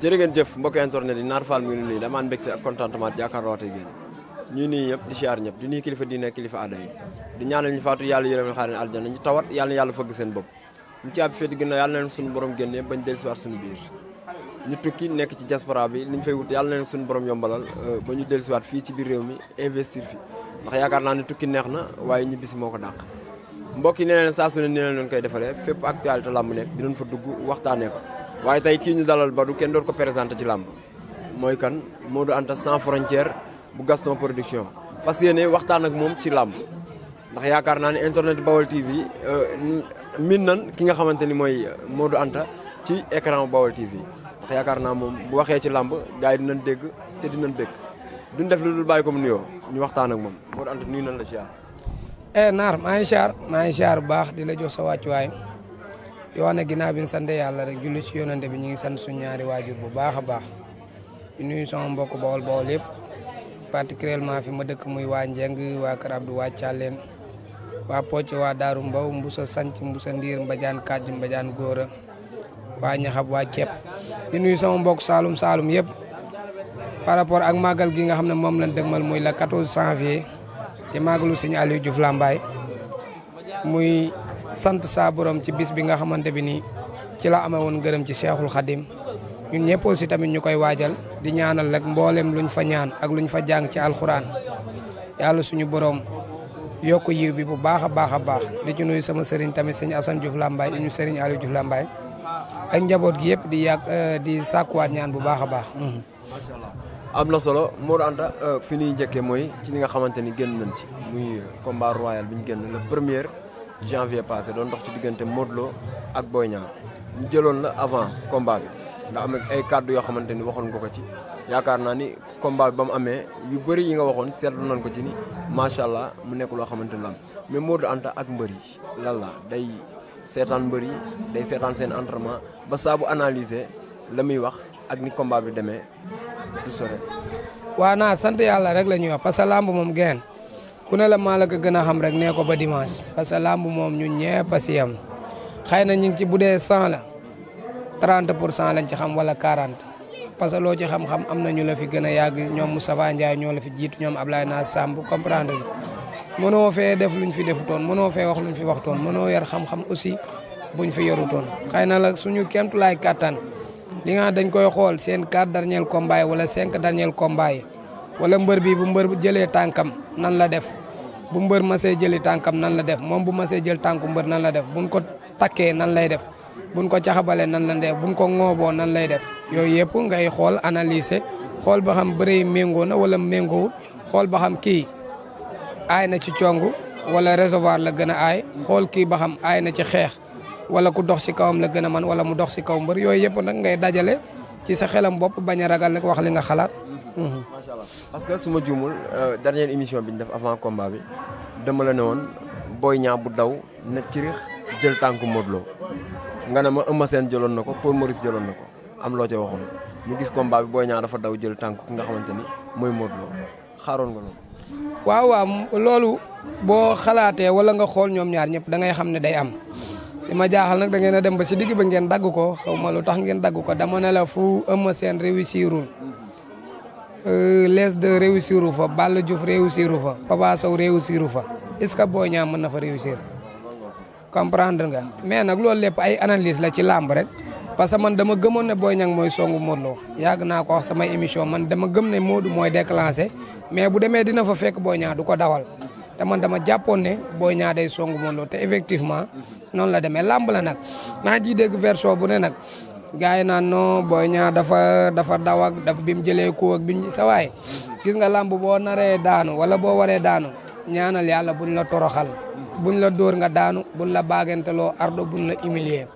jërë ngeen jëf mbokk internet yi Naar Fall mi ngi nuyu damaa mbégte ak contentement jàkkaarloo ak yéen ñuy nuyu ñëpp di siyaar ñëpp di nuyu kilifa diine kilifa aada yi di ñaanal ñu faatu yàlla yërëm xaar leen aljana ñu tawat yàlla yàlla fëgg seen bopp ñu ci àbbi féeti gën a yàlla leen suñu borom génnee bañ dellusiwaat suñu biir ñu tukki nekk ci diaspora bi ñu fay wut yàlla leen suñu borom yombalal euh, ba ñu dellusiwaat fii ci biir réew mi investir fi ndax yaakaar naa ne tukki neex na waaye ñu bisi moo ko dàq mbokk yi nee leen su ne nee koy defalee fépp actualité lamb nekk dinañ fa dugg waxtaanee ko waaye tey kii ñu dalal Badou kenn doon ko présenté ci làmb mooy kan Modou Anta sans frontière bu Gaston production fas yéene waxtaan ak moom ci làmb ndax yaakaar naa ne internet Bawal TV euh, min nan ki nga xamante ni mooy euh, Modou Anta ci écran Bawal TV ndax yaakaar naa moom bu waxee ci làmb gars yi dinañ dégg te dinañ dégg duñ def lu dul bàyyi ko mu nuyoo ñu waxtaan ak moom Modou Anta nuyu nan la siyaar. eh Naar maa ngi siyaar maa ngi siyaar bu baax di la jox sa wàccuwaay. di wax ne ginnaaw bi ñu sant yàlla rek julli ci yonante bi ñu ngi sant suñu ñaari waajur bu baax a baax di nuyu sama mbokk bawol bawol yëpp particulièrement fi ma dëkk muy waa Njeng waa Kër Abdou waa Thialène waa Pocc waa Daaru Mbaw Mbusa Sanc Mbusa Ndiir Mbadiane Kàjj mbajaan Góora waa Ñaxab waa Ceeb di nuyu sama mbokk Saalum Saalum yëpp par rapport ak màggal gi nga xam ne moom lañ mal muy la 14 janvier ci màggalu Sëñ Aliou Diouf Lambaye muy sant saa borom ci bis bi nga xamante bi nii ci la amee woon gërëm ci Cheikhul Khadim ñun ñëpp aussi tamit ñu koy waajal di ñaanal rek mboolem luñ fa ñaan ak luñ fa jàng ci alxuraan yàlla suñu borom yokk yiw bi bu baax a baax a baax di ci nuyu sama sëriñ tamit sëñ Assane Diouf Lambaye ñu sëriñ Aliou Diouf Lambaye ak njaboot gi yëpp di yàgg euh, di sàkkuwaat ñaan bu baax a baax. macha mm-hmm. allah am na solo Modou Anta euh, fi ñuy njëkkee mooy ci li nga xamante ni gën nañ ci muy combat royal bi ñu génn le premier. janvier passé doon dox ci diggante Modou Lo ak Boy Niang jëloon la avant combat bi nga am ay kàddu yoo xamante ni waxoon nga ko ci yaakaar naa ni combat ba mu amee yu bëri yi nga waxoon seetlu nañ ko ci ni macha allah mu nekk loo xamante ni la am mais Modou Anta ak mbëri yi lan day seetaan mbër yi day seetaan seen entraînement ba saabu bu la muy wax ak ni combat bi demee du sore. waaw naa sant yàlla rek la ñuy wax parce que làmb moom geen ku ne la maa la ko gën a xam rek nee ko ba dimanche parce que làmb moom ñu ñee a si yam xëy na ñu ngi ci bu dee cent la trante pour cent lañ ci xam wala quarante parce que loo ci xam-xam am na ñu la fi gën a yàgg ñoom Moustapha Ndiaye ñoo la fi jiitu ñoom ab Ablaye Naar Samb comprendre mënoo fee def luñ fi defutoon mënoo fee wax luñ fi waxtoon mënoo yar xam-xam aussi buñ fi yorutoon xay na la suñu kemtu laay kàttan li nga dañ koy xool seen quatre dernier combat wala cinq dernier combat wala mbër bi bu mbër bu jëlee tànkam nan la def bu mbër masee jëli tànkam nan la def moom bu masee jël tànku mbër nan la def bu buñ ko takkee nan lay def buñ ko caxabalee nan la def buñ ko ŋooboo nan lay def yooyu yëpp ngay xool analyser xool ba xam bëre yi méngoo na wala méngoowul xool ba xam kii aay na ci cong wala resevoir la gën a aay xool kii ba xam aay na ci xeex wala ku dox si kawam la gën a man wala mu dox si kaw mbër yooyu yëpp nag ngay dajale ci sa xelam bopp bañ a ragal nag wax li nga xalaat macha allah parce que su ma juumul euh, dernière émission bi ñu def avant combat bi dama la ne woon booy Niang bu daw na ci jël tànk Modou nga ne ma Eumeu seen jëloon na ko Paul Maurice jëloon na ko am loo ca waxoon ñu gis combat bi Boy Niang dafa daw jël tànku ki nga xamante ni mooy Modou xaaroon nga loolu. waaw loolu boo xalaatee wala nga xool ñoom ñaar ñëpp da ngay xam ne day am li ma jaaxal nag da ngeen a dem ba si digg ba ngeen dagg ko xaw ma lu tax ngeen dagg ko dama ne la fu Eumeu Sène réussirul Euh, les de réussir fa Balla Diouf réussir fa Papa Sow réussir fa est-ce que Boy Niang mën na fa réussir comprendre nga mais nag loolu lépp ay analyse la ci làmb rek parce que man dama gëmoon ne Boy Niang mooy songu Modou Lo yàgg naa ko wax sama émission man dama gëm ne Modou mooy déclenché mais bu demee dina fa fekk Boy Niang du ko dawal te man dama jàppoon ne Boy Niang day songu Modou te effectivement noonu la demee làmb la nag maa ngi dégg version bu ne nag gars yi naan non Boy Niang dafa dafa daw ak dafa bi mu jëlee ko ak bi gis nga làmb boo naree daanu wala boo waree daanu ñaanal yàlla buñ la toroxal buñ la dóor nga daanu buñ la baaganteloo ardo buñ la humilier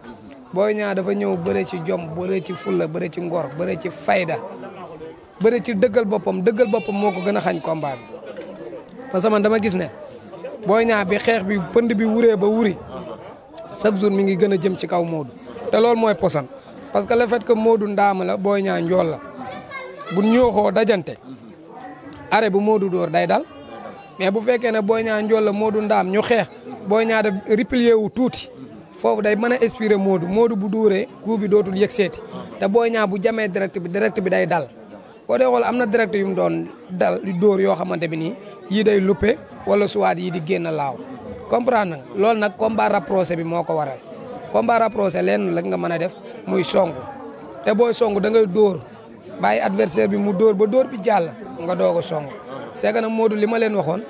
Boy Niang dafa ñëw bëre ci jom bëre ci fulla bëre ci ngor bëre ci fayda bëre ci dëggal boppam dëggal boppam moo ko gën a xañ combat bi parce que man dama gis ne booy Niang bi xeex bi pënd bi wuree ba wuri chaque jour mi ngi gën a jëm ci kaw Modou te loolu mooy poson parce que le fait que Modou ndaama la Boy Niang njool la bu ñooxoo dajante arrêt bu Modou dóor day dal mais bu fekkee ne booy ñaa njool la Modou ndaam ñu xeex booy Niang def replier wu tuuti foofu day mën a inspirer Modou Modou bu duuree coup bi dootul yëg seeti te booy Niang bu jamee direct bi direct bi day dal boo dee xool am na direct yu mu doon dal di dóor yoo xamante bi nii yii day luppe wala suwaat yii di génn laaw comprendre nga loolu nag combat rapproché bi moo ko waral combat rapproché lenn nga mën a def muy song te booy song da ngay dóor bàyyi adversaire bi mu dóor ba dóor bi jàll nga doog a song seega nag Modou li ma leen waxoon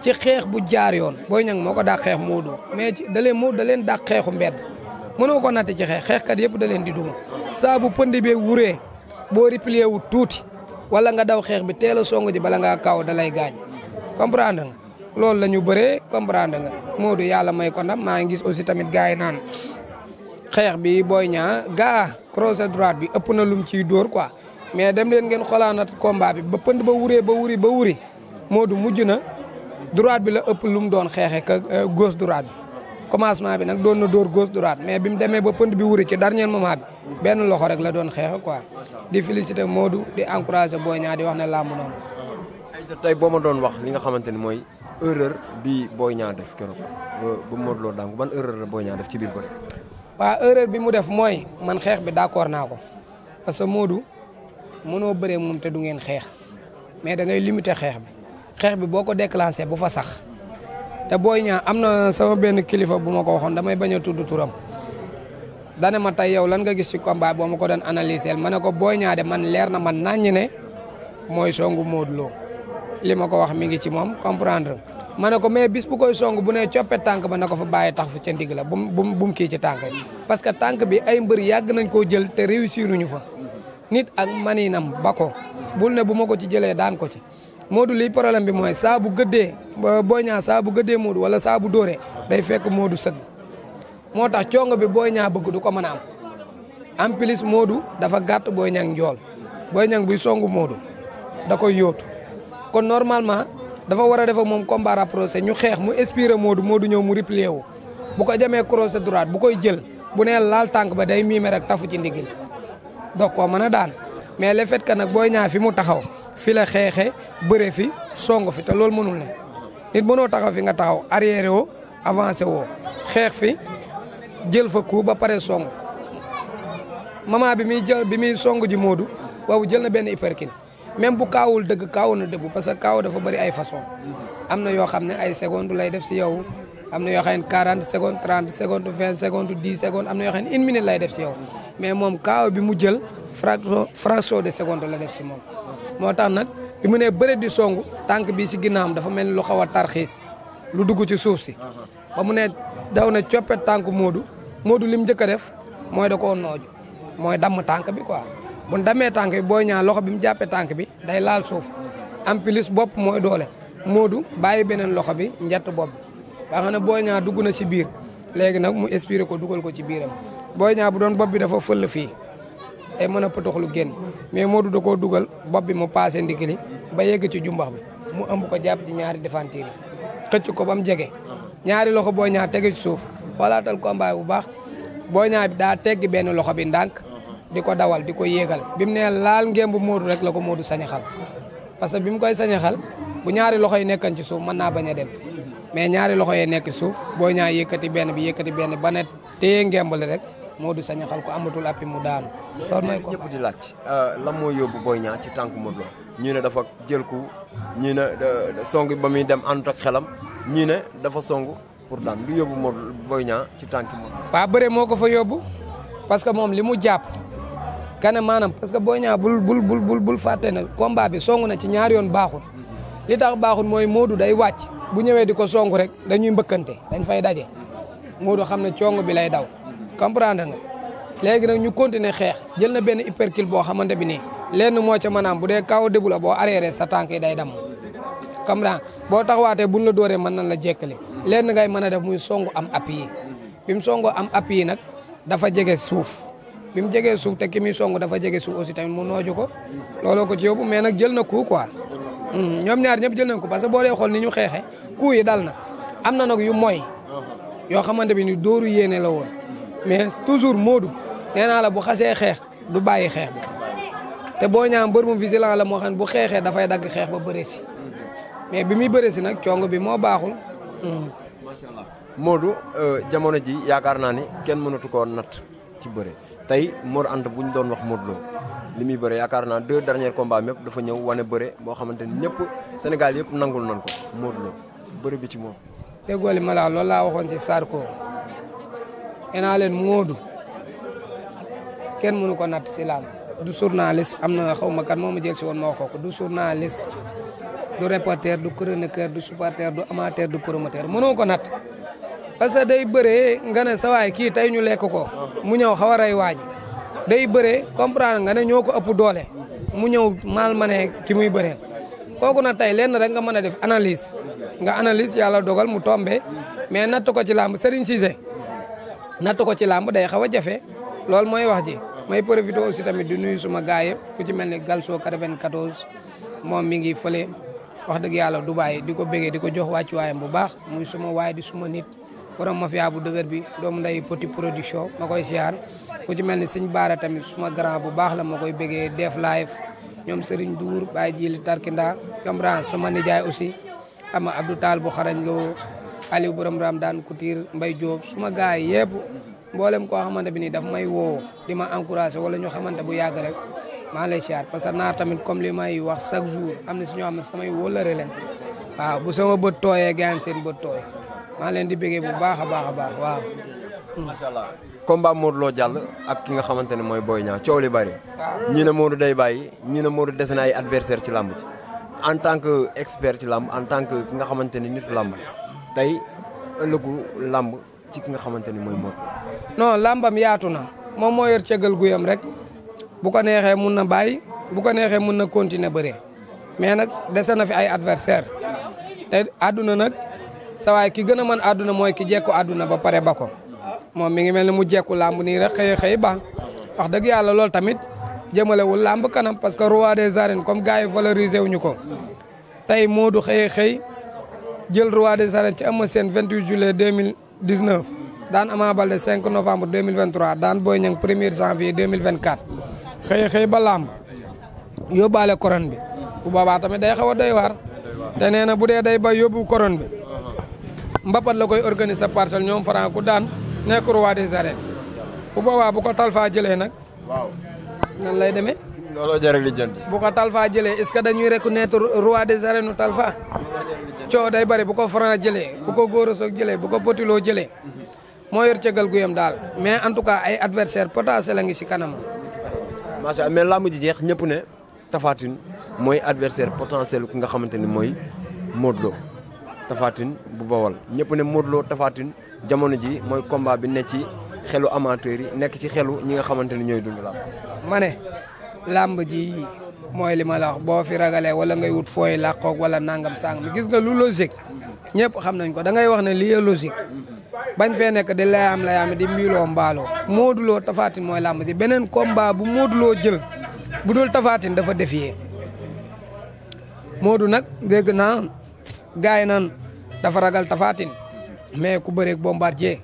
ci xeex bu jaar yoon Boy Niang moo ko dàq xeex Modou mais ci da leen Modou da leen dàq xeexu mbedd mënoo ko natte ci xeex xeexkat yëpp da leen di duma saa bu pënd bee wuree boo replier wu tuuti wala nga daw xeex bi teel a song ji bala ngaa kaaw da lay gaañ comprendre nga loolu la ñu bëree comprendre nga Modou yàlla may ko ndam maa ngi gis aussi tamit gars yi naan xeex bi booy ñaa gaa croisé droite bi ëpp na lum ciy dóor quoi mais dem leen ngeen xolaanat combat bi ba pënd ba wuree ba wuri ba wuri moodu mujj na droite bi la ëpp lu mu doon xeexee euh, ka gauche droite bi commencement bi nag doon na dóor gauche droite mais bi mu demee ba pënd bi wuri ci dernier moment bi benn loxo rek la doon xeexe quoi di féliciter moodu di encourager booy Niang di wax ne làmb noonu. tey boo ma doon wax li nga xamante ni mooy erreur bi Boy Niang def keroog ba Modou Lo daan ko la Boy Niang ci biir bëri. waa erreur bi mu def mooy man xeex bi d'accord naa ko parce que Modou mënoo bëree moom te du ngeen xeex mais da ngay limiter xeex bi xeex bi boo ko déclenché bu fa sax te booy ñaa am na sama benn kilifa bu ma ko waxoon damay bañ a tudd turam dane ma tey yow lan nga gis ci combat boo ma ko doon analyser ma ne ko booy ñaa de man leer na man naññ ne mooy songu Modou Lo li ma ko wax mi ngi ci moom comprendre ma ne ko mais bis bu koy song bu ne coppe tànk ba na ko fa bàyyi tax fu ca ndig la bu mu bu mu kii ci tànk bi parce que tànk bi ay mbër yàgg nañ koo jël te réussiruñu fa nit ak maniinam bako ko bul ne bu ma ko ci jëlee daan ko ci Modou liy problème bi mooy saa bu gëddee Boy ñaa saa bu gëddee Modou wala saa bu dóoree day fekk Modou sëgg moo tax congo bi Boy Niang bëgg du ko mën a am en plus Modou dafa gàtt Boy Niang njool Boy Niang buy songu Modou da koy yóotu kon normalement dafa war a def moom combat rapproché ñu xeex mu expiré Modou Modou ñëw mu replié wu bu ko jamee crochet droite bu koy jël bu nee laal tànk ba day miime rek tafu ci ndigil doog koo mën a daan mais le fait que nag booy ñaa fi mu taxaw fi la xeexe bëre fi song fi te loolu mënul ne nit mënoo taxaw fi nga taxaw arrière woo avancé woo xeex fi jël fa coup ba pare song maman bi muy jël bi muy song ji Modou boobu jël na benn hyperkin même bu kaawul dëgg kaaw na dëggu parce que kaaw dafa bari ay façon am na yoo xam ne ay secondes lay def si yow am na yoo xam ne quarante secondes trente secondes vingt secondes dix secondes am na yoo xam ne une minute lay def si yow mais moom kaaw bi mu jël fraction fraction de seconde la def si moom moo tax nag bi mu nee bëre di songu tànk bi si ginnaawam dafa mel ni lu xaw a tarxiis lu dugg ci suuf si ba mu ne daw na coppet tànk Moodu Moodu li mu njëkk a def mooy da koo nooju mooy damm tànk bi quoi bu damee tànk booy ñaar loxo bi mu jàppee tànk bi day laal suuf en plus bopp mooy doole moodu bàyyi beneen loxo bi njett bopp bi nga xam ne booy ñaa dugg na ci biir léegi nag mu expiré ko dugal ko ci biiram booy ñaa bu doon bopp bi dafa fël fii ay mën a pëtoxlu génn mais moodu da ko dugal bopp bi mu passé ndigili ba yegg ci jumbax bi mu ëmb ko jàpp ci ñaari défentir yi xëcc ko ba mu jege ñaari loxo booy ñaar tege ci suuf xoolaatal combat bu baax booy ñaa daa teggi benn loxo bi ndànk di ko dawal di ko yéegal bi mu nee laal ngémb Modou rek la ko Modou sañaxal parce que bi mu koy sañaxal bu ñaari loxo yi nekkan ci suuf man naa bañ a dem mais ñaari loxo yi nekk suuf boo ñaa yëkkati benn bi yëkkati benn ba ne téye ngémb la rek Modou sañaxal ko amatul appi mu daanu. loolu mooy ko ñëpp di euh, lan moo yóbbu Boy Niang ci tànk Modou Lo ñu ne dafa jël ko ñii ne euh, song ba muy dem ànd ak xelam ñii ne dafa song pour daan lu yóbbu Modou Boy Niang ci tànk Modou Lo. bëre moo ko fa yóbbu parce que moom li mu jàpp. kane maanaam parce que boo Niang bul bul bul bul bul na combat bi song na ci ñaar yoon baaxul li tax baaxul mooy Modou day wàcc bu ñëwee di ko song rek dañuy mbëkkante dañ fay daje Modou xam ne cong bi lay daw comprendre nga léegi nag ñu continuer xeex jël na benn hypercule boo xamante bi nii lenn moo ca maanaam bu dee kaw débu la boo arrière sa tànk yi day damm comprendre boo taxawaatee buñ la dooree mën nañ la jekkali lenn ngay mën a def muy songu am appui bi mu songoo am appui yi nag dafa jege suuf bi mu jegee suuf te ki muy dafa jege suuf aussi tamit mu nooju ko looloo ko ci yóbbu mais nag jël na ko quoi hmm, ñoom ñaar ñëpp jël nañ ko parce que boo dee xool ni ñu xeexe ku yi dal na am na nag yu mooy yoo xamante bi ni dóoru yéene la woon mais toujours Modou nee naa la bu xasee xeex du bàyyi xeex bi te boo ñaam mbër mu vigilant la moo xam ne bu xeexee dafay dagg xeex ba bëre si mais bi muy bëre si nag cong bi moo baaxul. Hmm. macha allah Modou euh, jamono ji yaakaar naa ni kenn mënatu koo natt ci bëre. tey moor Anta bu ñu doon wax Modou Lo li muy bëre yaakaar naa deux derniers combats mépp dafa ñëw wane bëre boo xamante ni ñëpp Sénégal yëpp nangul nañ ko Modou Lo bëre bi ci moom. déggoo li ma la laa waxoon si Sarko enaa leen moodu kenn mënu ko natt si laam du journaliste am na xaw ma kan moo ma jël si woon ma wax ko du journaliste du reporter du chroniqueur du supporter du amateur du promoteur mënoo ko nat parce que day bëree nga ne sawaay kii tey ñu lekk ko mu ñëw xaw a rey waaj day bëree comprendre nga ne ñoo ko ëpp doole mu ñëw mal manee ki muy bëreel kooku na tey lenn rek nga mën a def analyse nga analyse yàlla dogal mu tombe mais natt ko ci làmb Serigne Cissé natt ko ci làmb day xaw a jafe loolu mooy wax ji may profité aussi tamit di nuyu suma gaay yëpp ku ci mel ni Galso 94 moom mi ngi fële wax dëgg yàlla Dubaay di ko bégee di ko jox wàccuwaayam bu baax muy suma waay di suma nit borom mafia bu dëgër bi doomu nday petit production ma koy siyaar ku ci mel ni sëñ baara tamit suma grand bu baax la ma koy bëggee def live ñoom Serigne Dour Baye Jili Tarkinda ñoom sama nijaay aussi ama Abdou Tall bu xarañ loo Aliou borom ram daan Couture Mbaye Diop suma gaay yëpp mboolem koo xamante bi nii daf may woo di ma encourager wala ñoo xamante bu yàgg rek maa lay siyaar parce que naar tamit comme li may wax chaque jour am na si ñoo xam ne samay wóllare leen waaw bu sama bët tooyee gaan seen bët tooy maa leen di bëggee bu baax a baax a baax waaw. macha allah combat Modou jàll ak ki nga xamante ne mooy Boy Niang coow li bari. waaw ñii ne Modou day bàyyi ñii ne Modou des na ay adversaire ci làmb ci en tant que expert ci làmb en tant que ki nga xamante ne nit làmb tey ëllëgu làmb ci ki nga xamante ne mooy Modou. non làmbam yaatu na moom mooy yor cëggal guyam rek bu ko neexee mun na bàyyi bu ko neexee mun na continuer bëree mais nag dese na fi ay adversaire te àdduna nag. sa waay ki gën a mën àdduna mooy ki jekku àdduna ba pare ba ko moom mi ngi mel ne mu jekku làmb nii rek xëy xëye ba wax dëgg yàlla loolu tamit jëmalewul làmb kanam parce que roi des arènes comme gars yi valorisé wuñu ko tey moo du xëy xëy jël roi de arènes ci Eumeu Sène 28 juillet 2019 daan Ama Baldé 5 novembre 2023 daan Boy Niang 1er janvier 2024 xëy xëy ba làmb yóbbaale koron bi bu boobaa tamit day xaw a doy waar te nee na bu dee day ba yóbbu koron bi mbapat la koy organiser parcelle ñoom Franc ku daan nekk roi des arènes bu boobaa bu ko talfaa jëlee nag. waaw nan lay demee. looloo jar li jënd. bu ko talfaa jëlee est ce que dañuy reconnaître roi des arènes nu talfa coow day bari bu ko Franc jëlee bu ko Gora jëlee bu ko Potilo jëlee. moo yor cëgal gu yem daal mais en tout cas ay adversaire potentiel la ngi si kanam. macha allah mais làmb ji jeex ñëpp ne Tapha Tine mooy adversaire potentiel ku nga xamante ni mooy Modou Tafatine bu Bawol ñëpp ne Modou Lo Tafatine jamono ji mooy combat bi ne ci xelu amateur yi nekk ci xelu ñi nga xamante ni ñooy dund làmb. ma ne làmb ji mooy li ma la boo fi ragalee wala ngay wut fooy làqoog wala nangam sangam gis nga lu logique ñëpp xam nañ ko da ngay wax ne lii logique bañ fee nekk di layaam layaam di mbiiloo mbaaloo Modou Lo mooy làmb ji beneen combat bu Modou jël bu dul Tafatine dafa défier Modou nag dégg naa gaay dafa ragal tafaatin mais ku bombar bombardier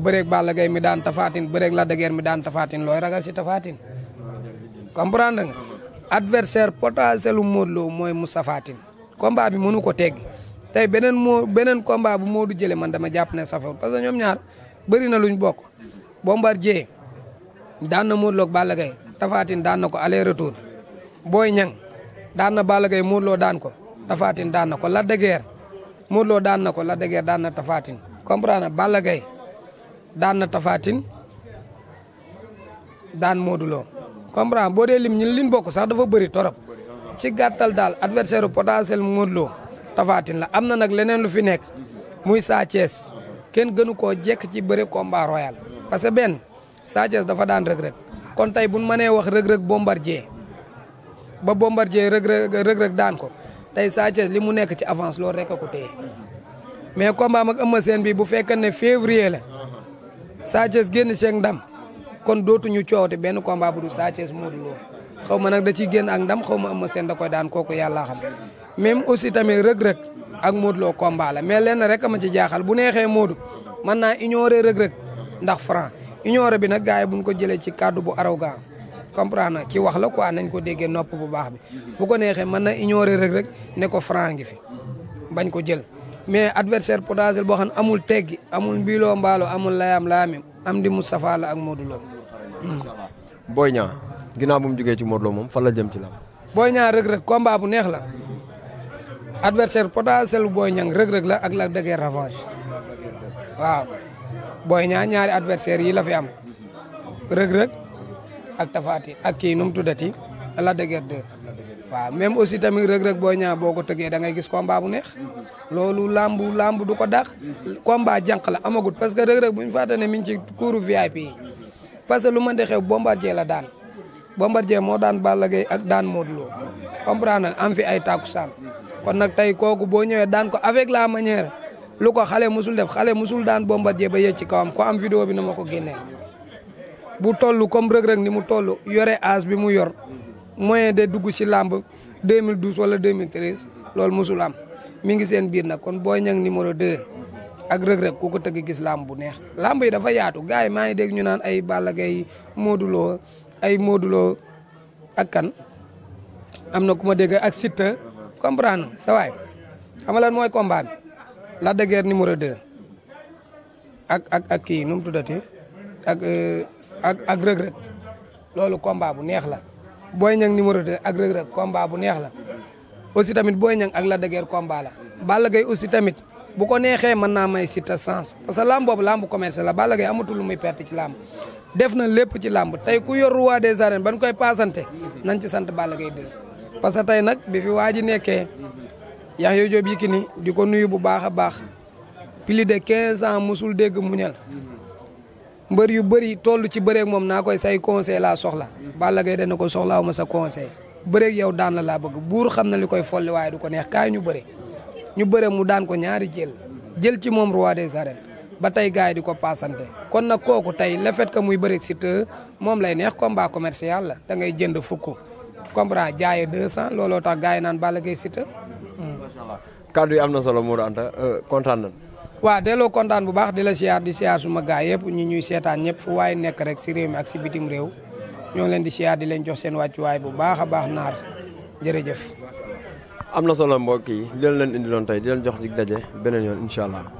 bëreeg Balla Gaye mi daan tafaatin bëreeg Lac de Guiers mi daan tafaatin looy ragal si tafaatin comprendre nga adversaire potentiel u Modou mooy Moussa Fatin combat bi mënu ko tegg tey beneen moo beneen combat bu Modou jëlee man dama jàpp ne safawul parce que ñoom ñaar bëri na luñ bokk Bombardier daan na Modou Lo ak Balla daan na ko aller retour Boy Niang daan na Balla Gaye Modou daan ko Tafatine daan na ko Lac de Modou daan na ko la de daan na Tapha Tine comprendre na Balla Gaye daan na Tapha daan Modou Lo comprendre boo dee lim ñun liñ bokk sax dafa bëri torop ci gàttal daal adversaire potentiel Modou Lo la am na nag leneen lu fi nekk muy Sa Thiès kenn gënu ko jekk ci bëri combat royal parce que benn Sa dafa daan rëg-rëg kon tey buñ mënee wax rëg-rëg ba bombardier rëg-rëg daan ko tey Sa li mu nekk ci avance loolu rek a ko téye mais combat am ak bi bu fekkee ne février la Sa Thiès génn seeg ndam kon dootuñu coowte benn combat bu du Sa Thiès Modou xaw ma nag da ciy génn ak ndam xaw ma Eumeu Sène daan kooku yàllaa xam même aussi tamit Reug Reug ak Modou Lo combat la mais lenn rek a ma ci jaaxal bu neexee Modou mën naa ignorer Reug Reug ndax franc ignorer bi nag gars yi buñ ko jëlee ci kàddu bu arrogant comprendre ci wax la quoi nañ ko déggee nopp bu baax bi bu ko neexee mën na ignorer rek rek ne ko franc ngi fi bañ ko jël mais adversaire potentiel boo xam ne amul teggi amul mbiiloo mbaalo amul layaam laami am di Moustapha la ak Modou Lo hmm. Boy Niang ginnaaw bu mu jógee ci Modou moom fa la jëm ci lam Boy Niang Reug Reug combat bu neex la adversaire potentiel booy Niang Reug Reug la ak la de Guiers revanche waaw Boy Niang ñaari adversaire yi la fi am Reug Reug ak Tafatin ak kii nu mu tuddati Lac de Guiers waaw même aussi tamit rëg boo ñaa boo ko tëggee da ngay gis combat bu neex loolu lambu lambu du ko dàq combat jànq la amagut parce que rëg-rëg bu ñu fàtte ne mi ngi ci kuuru VIP yi parce que lu ma ndexew Bombardier la daan Bombardier moo daan Balla Gaye ak daan Modou Lo comprendre am fi ay takkusaan kon nag tey kooku boo ñëwee daan ko avec la manière lu ko xale musul def xale musul daan Bombardier ba yëg ci kawam bu toll comme Reug Reug ni mu toll yore âge bi mu yor moyen de dugg ci làmb 2012 wala 2013 loolu musul am mi ngi seen biir nag kon booy Niang numéro 2 ak Reug Reug ku ko tëgg gis làmb bu neex làmb yi dafa yaatu gars yi maa ngi dégg ñu naan ay Balla Gaye ay mooduloo ak kan am na ku ma dégg ak Siteu comprendre sa waay xam nga lan mooy combat bi Lac de Guiers ak ak ak kii nu mu tuddati euh, ak ak rëg-rëg loolu combat bu neex la Boy Niang numéro de ak rëg-rëg combat bu neex la aussi tamit Boy Niang ak la de Guiers combat la Balla Gaye aussi tamit bu ko neexee mën naa may Siteu sens parce que lamb boobu lamb commerce la Balla Gaye amatul lu muy perte ci lamb def na lépp ci lamb tey ku yor roi des arènes ban koy paasante nañ ci sant Balla Gaye 2 parce que tey nag bi fi waa ji nekkee Yaxya Joob Yékini di ko nuyu bu baax a baax plus de 15 ans mosul dégg muñal mbër yu bëri toll ci bëreeg moom naa koy say conseil laa soxla Balla Gaye dana ko soxlaawu ma sa conseil bëreeg yow daan la laa bëgg buur xam na li koy folli waaye du ko neex kaay ñu bëre ñu bëre mu daan ko ñaari jël jël ci moom roi des arènes ba tey gars yi di ko paasante kon nag kooku tey le fait que muy bëreeg Siteu moom lay neex combat commercial la da ngay jënd fukk comprend jaayee 200 looloo tax gars yi naan Balla Gaye Siteu. macha allah kàddu yi am na solo Modou Anta euh, kontaan nañ waa delloo kontaan bu baax di la siyaar di siyaar suma gaay yëpp ñi ñuy seetaan ñëpp fu waaye nekk rek si réew mi ak si bitim réew ñoo leen di siyaar di leen jox seen wàccuwaay bu baax a baax naar jërëjëf. am na solo mbokk yi di leen leen indiloon tey di leen jox dig daje beneen yoon incha allah.